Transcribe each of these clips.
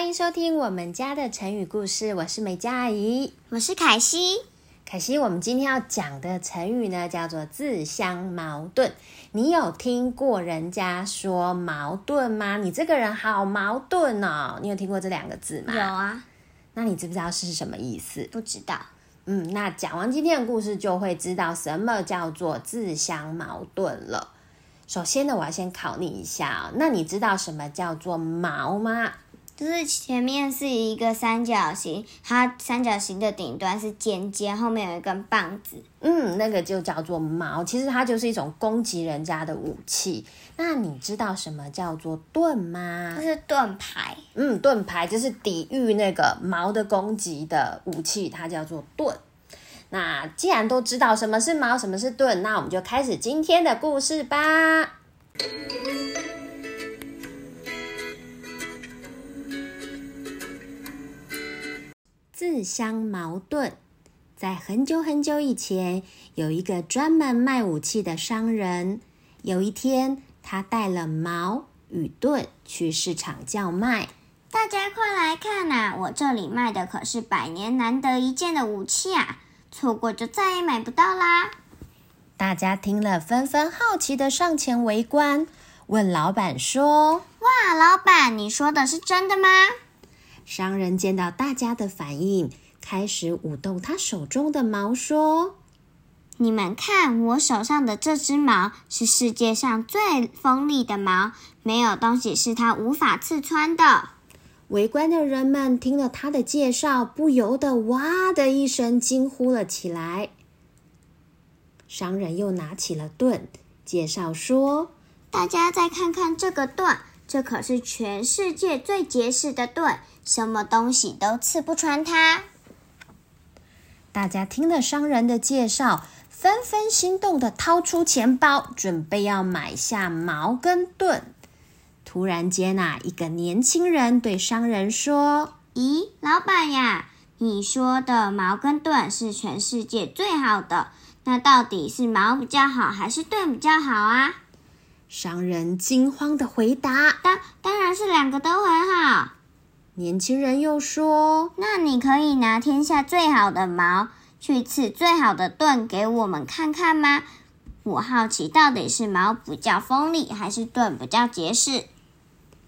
歡迎收聽我們家的成語故事，我是美嘉阿姨，我是凱西。凱西，我們今天要講的成語呢，叫做自相矛盾。你有聽過人家說矛盾嗎？你這個人好矛盾哦！你有聽過這兩個字嗎？有啊。那你知不知道是什麼意思？不知道。嗯，那講完今天的故事，就會知道什麼叫做自相矛盾了。首先呢，我要先考你一下哦，那你知道什麼叫做矛嗎？就是前面是一個三角形，它三角形的頂端是尖尖，後面有一根棒子。嗯，那個就叫做矛。其實它就是一種攻擊人家的武器。那你知道什麼叫做盾嗎？就是盾牌。嗯，盾牌就是抵禦那個矛的攻擊的武器，它叫做盾。那既然都知道什麼是矛，什麼是盾，那我們就開始今天的故事吧。自相矛盾。在很久很久以前，有一個專門賣武器的商人。有一天，他帶了矛與盾去市場叫賣：“大家快來看吶，我這裡賣的可是百年難得一見的武器啊，錯過就再也買不到啦！”大家聽了，紛紛好奇的上前圍觀，問老闆說：“哇，老闆，你說的是真的嗎？”商人見到大家的反應，開始舞動他手中的矛，說：“你們看，我手上的這只矛是世界上最鋒利的矛，沒有東西是它無法刺穿的。”圍觀的人們聽了他的介紹，不由得“哇”的一聲驚呼了起來。商人又拿起了盾，介紹說：“大家再看看這個盾。”這可是全世界最結實的盾，什麼東西都刺不穿它。大家聽了商人的介紹，紛紛心動地掏出錢包，準備要買下矛跟盾。突然間吶、啊，一個年輕人對商人說：“咦，老闆呀，你說的矛跟盾是全世界最好的，那到底是矛比較好，還是盾比較好啊？”商人驚慌的回答：“當當然是兩個都很好。”年輕人又說：“那你可以拿天下最好的矛去刺最好的盾給我們看看嗎？我好奇到底是矛比較鋒利，還是盾比較結實？”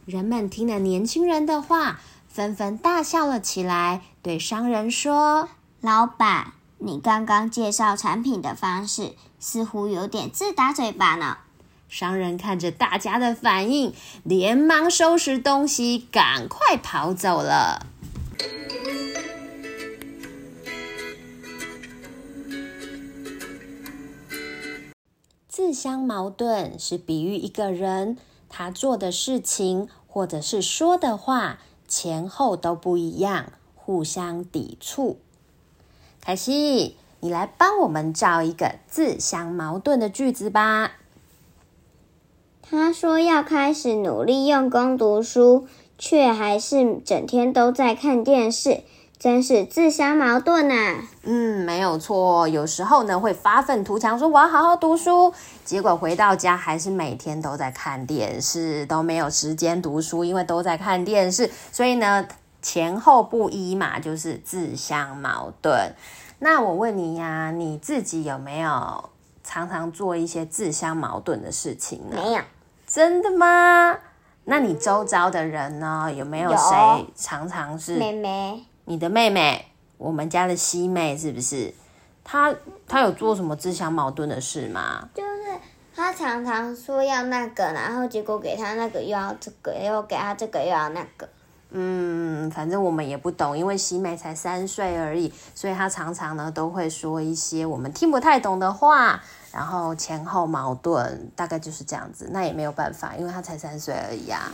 人們聽了年輕人的話，紛紛大笑了起來，對商人說：“老闆，你剛剛介紹產品的方式似乎有點自打嘴巴呢。”商人看着大家的反應，連忙收拾東西，趕快跑走了。自相矛盾是比喻一個人他做的事情或者是說的話前後都不一樣，互相抵觸。凱西，你來幫我們造一個自相矛盾的句子吧。他說要開始努力用功讀書，卻還是整天都在看電視，真是自相矛盾啊！嗯，沒有錯。有時候呢，會發憤圖強，說我要好好讀書，結果回到家還是每天都在看電視，都沒有時間讀書，因為都在看電視，所以呢，前後不一嘛，就是自相矛盾。那我問你呀、啊，你自己有沒有常常做一些自相矛盾的事情呢？沒有。真的嗎？那你周遭的人呢？有沒有誰常常是？妹妹？你的妹妹，我們家的西妹是不是？她她有做什麼自相矛盾的事嗎？就是她常常說要那個，然後結果給她那個又要這個，又給她這個又要那個。嗯，反正我們也不懂，因為西美才三歲而已，所以他常常呢都會說一些我們聽不太懂的話，然後前後矛盾，大概就是這樣子。那也沒有辦法，因為他才三歲而已啊。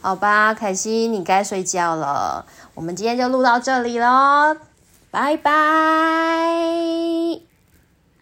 好吧，凱西，你該睡覺了，我們今天就錄到這裡嘍，拜拜。